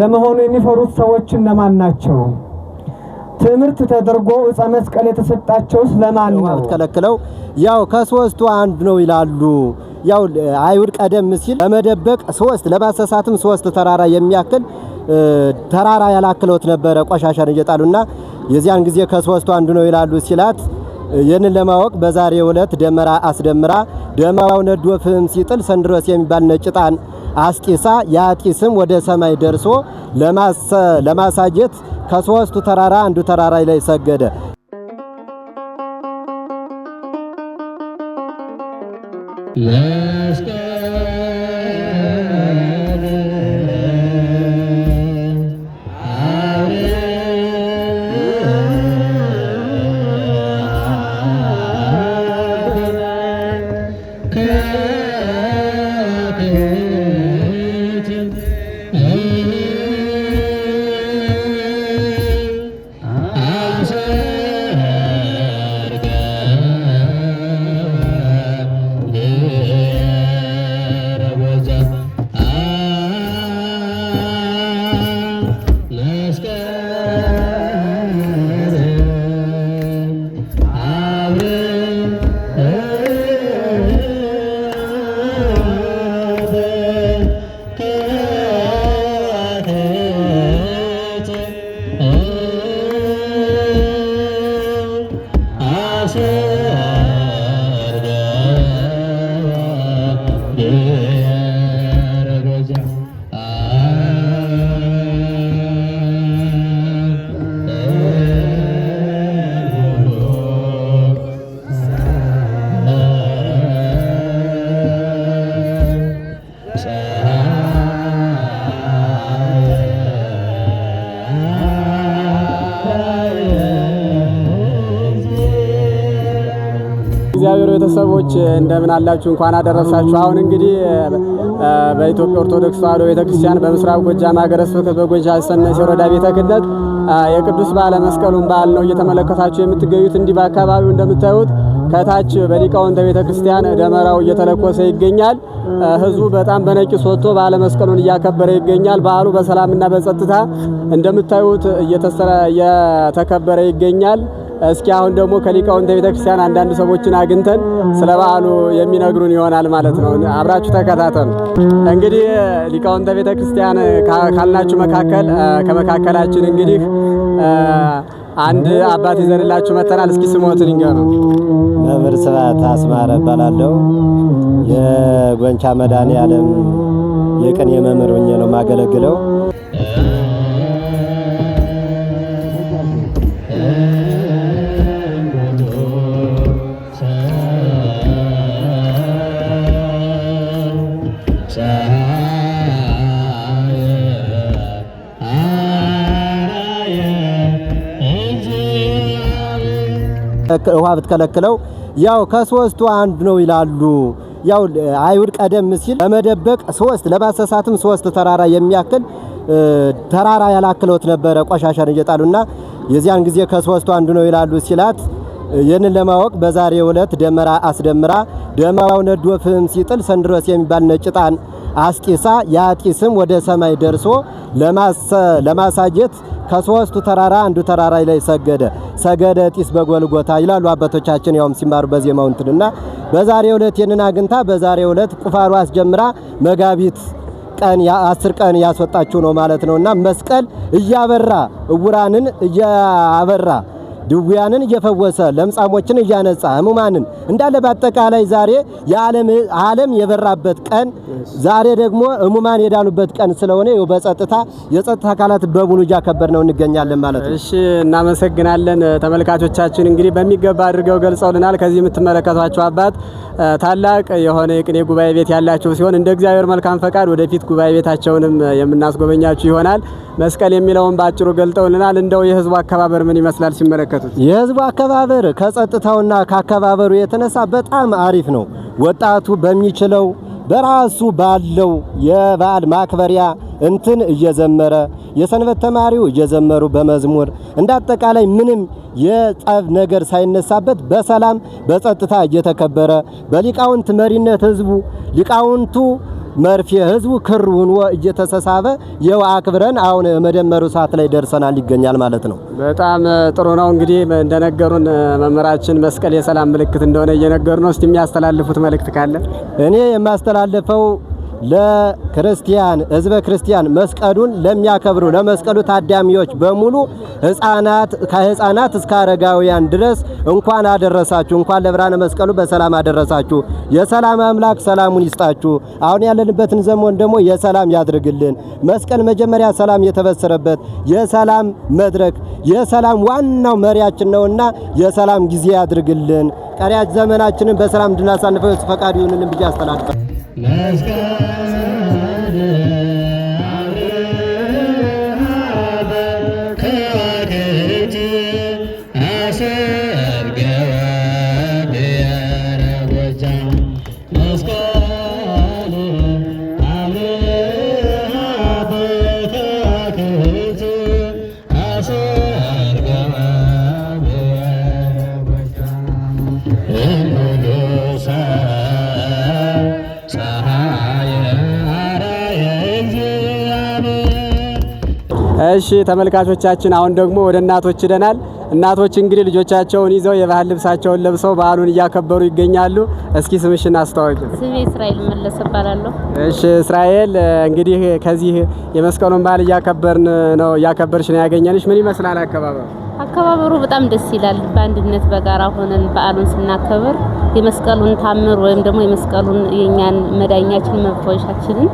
ለመሆኑ የሚፈሩት ሰዎች እነማን ናቸው? ትምህርት ተደርጎ ዕፀ መስቀል የተሰጣቸው ስለማን ነው ተከለክለው? ያው ከሶስቱ አንድ ነው ይላሉ። ያው አይሁድ ቀደም ሲል ለመደበቅ ሶስት ለማሳሳትም ሶስት ተራራ የሚያክል ተራራ ያላክለውት ነበረ ቆሻሻን እየጣሉና የዚያን ጊዜ ከሶስቱ አንዱ ነው ይላሉ ሲላት ይህንን ለማወቅ በዛሬ ዕለት ደመራ አስደምራ ደመራው ነዶ ፍም ሲጥል ሰንድሮስ የሚባል ነጭ ጣን አስጢሳ ያ ጢስም ወደ ሰማይ ደርሶ ለማሳጀት ከሶስቱ ተራራ አንዱ ተራራ ላይ ሰገደ። Yeah. እንደምን አላችሁ? እንኳን አደረሳችሁ። አሁን እንግዲህ በኢትዮጵያ ኦርቶዶክስ ተዋሕዶ ቤተክርስቲያን በምስራቅ ጎጃም ሀገረ ስብከት በጎጃም ሰነሴ ወረዳ ቤተ ክህነት የቅዱስ በዓለ መስቀሉን በዓል ነው እየተመለከታችሁ የምትገኙት። እንዲህ በአካባቢው እንደምታዩት ከታች በሊቃውንተ ቤተ ክርስቲያን ደመራው እየተለኮሰ ይገኛል። ህዝቡ በጣም በነቂስ ወጥቶ በዓለ መስቀሉን እያከበረ ይገኛል። በዓሉ በሰላምና በጸጥታ እንደምታዩት እየተከበረ ይገኛል። እስኪ አሁን ደግሞ ከሊቃውንተ ቤተክርስቲያን አንዳንድ ሰዎችን አግኝተን ስለ በዓሉ የሚነግሩን ይሆናል ማለት ነው። አብራችሁ ተከታተሉ። እንግዲህ ሊቃውንተ ቤተክርስቲያን ካልናችሁ መካከል ከመካከላችን እንግዲህ አንድ አባት ይዘንላችሁ መተናል። እስኪ ስሞትን ይንገሩ። መምህር ስብሐት አስማረ እባላለሁ። የጎንቻ መድኃኔ የቅኔ መምህር ሆኜ ነው የማገለግለው። ውሃ ብትከለክለው ያው ከሶስቱ አንድ ነው ይላሉ። ያው አይሁድ ቀደም ሲል ለመደበቅ ሶስት ለማሰሳትም ሶስት ተራራ የሚያክል ተራራ ያላክለውት ነበረ ቆሻሻን እየጣሉና የዚያን ጊዜ ከሶስቱ አንዱ ነው ይላሉ ሲላት ይህንን ለማወቅ በዛሬ ዕለት ደመራ አስደምራ ደመራው ነዶ ፍህም ሲጥል ሰንድሮስ የሚባል ነጭ ጣን አስጢሳ ያ ጢስም ወደ ሰማይ ደርሶ ለማሳየት ከሶስቱ ተራራ አንዱ ተራራ ላይ ሰገደ ሰገደ ጢስ በጎልጎታ ይላሉ አባቶቻችን ያውም ሲማሩ በዜማው እንትንና በዛሬው ዕለት ይህንን አግኝታ በዛሬው ዕለት ቁፋሮ አስጀምራ መጋቢት ቀን አስር ቀን ያስወጣችሁ ነው ማለት ነውና መስቀል እያበራ እውራንን እያበራ ድውያንን እየፈወሰ ለምጻሞችን እያነጻ ህሙማንን እንዳለ በአጠቃላይ ዛሬ ዓለም የበራበት ቀን፣ ዛሬ ደግሞ ህሙማን የዳኑበት ቀን ስለሆነ ይኸው በጸጥታ የጸጥታ አካላት በሙሉ እያከበር ነው እንገኛለን ማለት ነው። እሺ እናመሰግናለን። ተመልካቾቻችን እንግዲህ በሚገባ አድርገው ገልጸውልናል። ከዚህ የምትመለከቷቸው አባት ታላቅ የሆነ የቅኔ ጉባኤ ቤት ያላቸው ሲሆን እንደ እግዚአብሔር መልካም ፈቃድ ወደፊት ጉባኤ ቤታቸውንም የምናስጎበኛችሁ ይሆናል። መስቀል የሚለውን በአጭሩ ገልጠውልናል። እንደው የህዝቡ አከባበር ምን ይመስላል ሲመለከቱት? የህዝቡ አከባበር ከጸጥታውና ከአከባበሩ የተነሳ በጣም አሪፍ ነው። ወጣቱ በሚችለው በራሱ ባለው የበዓል ማክበሪያ እንትን እየዘመረ የሰንበት ተማሪው እየዘመሩ በመዝሙር እንደ አጠቃላይ ምንም የጸብ ነገር ሳይነሳበት በሰላም በጸጥታ እየተከበረ በሊቃውንት መሪነት ህዝቡ ሊቃውንቱ መርፌ ህዝቡ ክሩን እየተሰሳበ የው አክብረን አሁን መደመሩ ሰዓት ላይ ደርሰናል ይገኛል ማለት ነው። በጣም ጥሩ ነው። እንግዲህ እንደነገሩን መምህራችን መስቀል የሰላም ምልክት እንደሆነ እየነገሩ ነው። እስቲ የሚያስተላልፉት መልእክት ካለ እኔ የማስተላልፈው ለክርስቲያን ህዝበ ክርስቲያን መስቀሉን ለሚያከብሩ ለመስቀሉ ታዳሚዎች በሙሉ ህፃናት ከህፃናት እስከ አረጋውያን ድረስ እንኳን አደረሳችሁ፣ እንኳን ለብርሃነ መስቀሉ በሰላም አደረሳችሁ። የሰላም አምላክ ሰላሙን ይስጣችሁ። አሁን ያለንበትን ዘመን ደግሞ የሰላም ያድርግልን። መስቀል መጀመሪያ ሰላም የተበሰረበት የሰላም መድረክ የሰላም ዋናው መሪያችን ነውና የሰላም ጊዜ ያድርግልን። ቀሪያች ዘመናችንን በሰላም እንድናሳልፈው ፈቃድ ይሁንልን ብዬ አስተላልፋለሁ። እሺ ተመልካቾቻችን አሁን ደግሞ ወደ እናቶች ሂደናል። እናቶች እንግዲህ ልጆቻቸውን ይዘው የባህል ልብሳቸውን ለብሰው በዓሉን እያከበሩ ይገኛሉ። እስኪ ስምሽ አስተዋወቂ። ስሜ እስራኤል መለስ እባላለሁ። እሺ እስራኤል፣ እንግዲህ ከዚህ የመስቀሉን በዓል እያከበርን ነው እያከበርሽ ነው ያገኘንሽ። ምን ይመስላል አከባበሩ? አከባበሩ በጣም ደስ ይላል። በአንድነት በጋራ ሆነን በዓሉን ስናከብር የመስቀሉን ታምር ወይም ደግሞ የመስቀሉን የኛን መዳኛችን መፈወሻችንን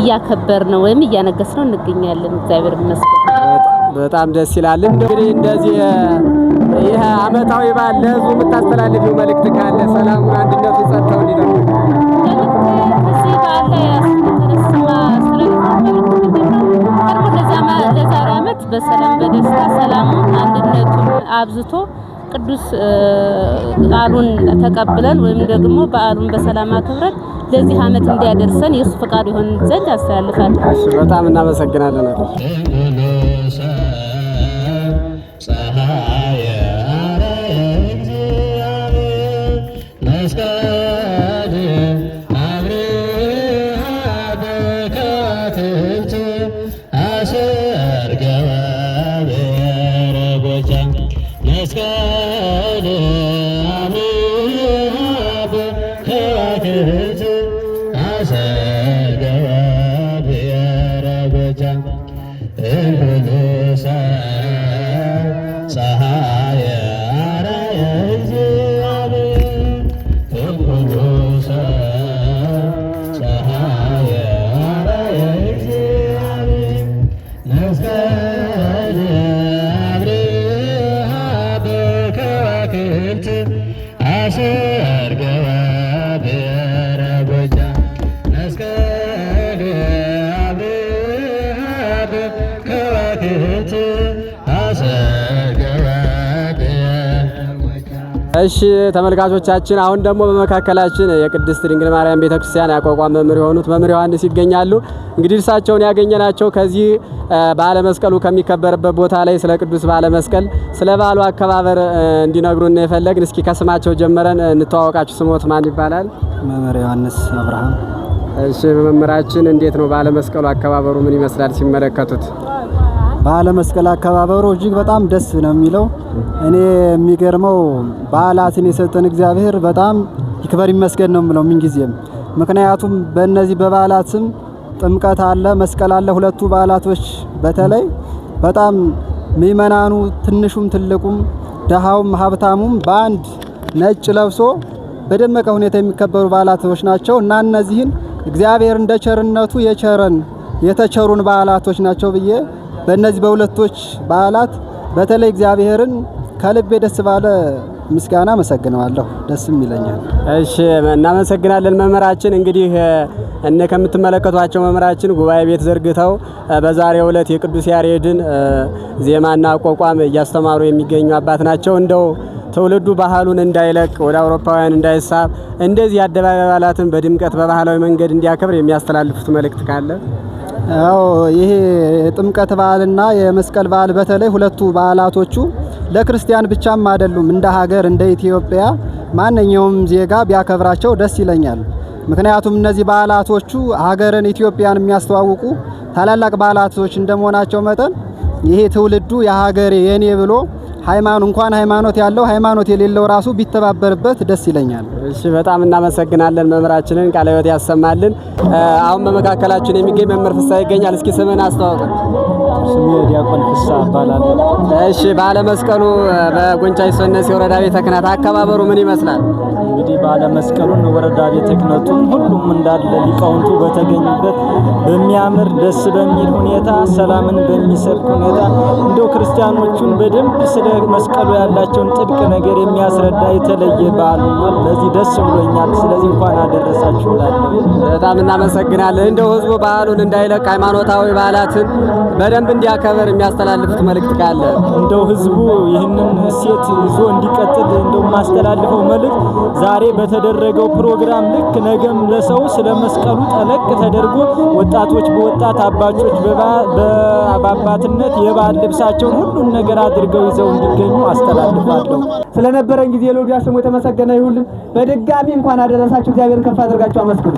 እያከበር ነው ወይም እያነገስ ነው እንገኛለን። እግዚአብሔር ይመስገን። በጣም ደስ ይላል። እንግዲህ እንደዚህ ይህ አመታዊ በዓል ለህዝቡ የምታስተላልፊው መልእክት ካለ ሰላሙ፣ አንድነቱ፣ ጸጥታው እንዲደሙ በሰላም አብዝቶ ቅዱስ ቃሉን ተቀብለን ወይም ደግሞ በዓሉን በሰላም አክብረን ለዚህ ዓመት እንዲያደርሰን የእሱ ፈቃድ ይሆን ዘንድ አስተላልፋለሁ። በጣም እናመሰግናለን። coração. እሺ ተመልካቾቻችን፣ አሁን ደግሞ በመካከላችን የቅድስት ድንግል ማርያም ቤተክርስቲያን ያቋቋም መምህር የሆኑት መምህር ዮሐንስ ይገኛሉ። እንግዲህ እርሳቸውን ያገኘናቸው ከዚህ በዓለ መስቀሉ ከሚከበርበት ቦታ ላይ ስለ ቅዱስ በዓለ መስቀል ስለ በዓሉ አከባበር እንዲነግሩን የፈለግን። እስኪ ከስማቸው ጀምረን እንተዋወቃችሁ። ስሞት ማን ይባላል? መምህር ዮሐንስ አብርሃም። እሺ መምህራችን፣ እንዴት ነው በዓለ መስቀሉ አከባበሩ ምን ይመስላል ሲመለከቱት? በዓለ መስቀል አከባበሩ እጅግ በጣም ደስ ነው የሚለው። እኔ የሚገርመው በዓላትን የሰጠን እግዚአብሔር በጣም ይክበር ይመስገን ነው የምለው ምንጊዜም። ምክንያቱም በእነዚህ በበዓላት ጥምቀት አለ፣ መስቀል አለ። ሁለቱ በዓላቶች በተለይ በጣም ምእመናኑ ትንሹም ትልቁም ደሃውም ሀብታሙም በአንድ ነጭ ለብሶ በደመቀ ሁኔታ የሚከበሩ በዓላቶች ናቸው እና እነዚህን እግዚአብሔር እንደ ቸርነቱ የቸረን የተቸሩን በዓላቶች ናቸው ብዬ በእነዚህ በሁለቶች በዓላት በተለይ እግዚአብሔርን ከልቤ ደስ ባለ ምስጋና አመሰግነዋለሁ። ደስም ይለኛል። እሺ እናመሰግናለን መምህራችን። እንግዲህ እነ ከምትመለከቷቸው መምህራችን ጉባኤ ቤት ዘርግተው በዛሬው ዕለት የቅዱስ ያሬድን ዜማና አቋቋም እያስተማሩ የሚገኙ አባት ናቸው። እንደው ትውልዱ ባህሉን እንዳይለቅ ወደ አውሮፓውያን እንዳይሳብ እንደዚህ አደባባይ በዓላትን በድምቀት በባህላዊ መንገድ እንዲያከብር የሚያስተላልፉት መልእክት ካለ አዎ ይሄ የጥምቀት በዓልና የመስቀል በዓል በተለይ ሁለቱ በዓላቶቹ ለክርስቲያን ብቻም አይደሉም። እንደ ሀገር እንደ ኢትዮጵያ ማንኛውም ዜጋ ቢያከብራቸው ደስ ይለኛል። ምክንያቱም እነዚህ በዓላቶቹ ሀገርን ኢትዮጵያን የሚያስተዋውቁ ታላላቅ በዓላቶች እንደመሆናቸው መጠን ይሄ ትውልዱ የሀገሬ የኔ ብሎ ሃይማኖት እንኳን ሃይማኖት ያለው ሃይማኖት የሌለው ራሱ ቢተባበርበት ደስ ይለኛል። እሺ፣ በጣም እናመሰግናለን መምህራችንን፣ ቃለ ሕይወት ያሰማልን። አሁን በመካከላችን የሚገኝ መምህር ፍሳ ይገኛል። እስኪ ስምን አስተዋውቅ። ስሜ ዲያቆን ፍሳ እባላለሁ። እሺ፣ በዓለ መስቀሉ በጎንቻ ይሶነሴ ወረዳ ቤተ ክህነት አከባበሩ ምን ይመስላል? እንግዲህ ባለመስቀሉን ወረዳ ቤተ ክህነቱን ሁሉም እንዳለ ሊቃውንቱ በተገኙበት በሚያምር ደስ በሚል ሁኔታ ሰላምን በሚሰርቅ ሁኔታ እንደው ክርስቲያኖቹን በደንብ ስለ መስቀሉ ያላቸውን ጥልቅ ነገር የሚያስረዳ የተለየ በዓል ሆኗል። በዚህ ደስ ብሎኛል። ስለዚህ እንኳን አደረሳችሁ እላለሁ። በጣም እናመሰግናለን። እንደው ህዝቡ ባህሉን እንዳይለቅ ሃይማኖታዊ በዓላትን በደንብ እንዲያከበር የሚያስተላልፉት መልእክት ካለ እንደው ህዝቡ ይህንን እሴት ይዞ እንዲቀጥል እንደው የማስተላልፈው መልእክት ዛሬ በተደረገው ፕሮግራም ልክ ነገም ለሰው ስለ መስቀሉ ጠለቅ ተደርጎ ወጣቶች በወጣት አባቾች በአባትነት የባህል ልብሳቸውን ሁሉን ነገር አድርገው ይዘው እንዲገኙ አስተላልፋለሁ። ስለነበረን ጊዜ ሎጊያ ስሙ የተመሰገነ ይሁልን። በድጋሚ እንኳን አደረሳችሁ። እግዚአብሔር ከፍ አድርጋችሁ አመስግኑ።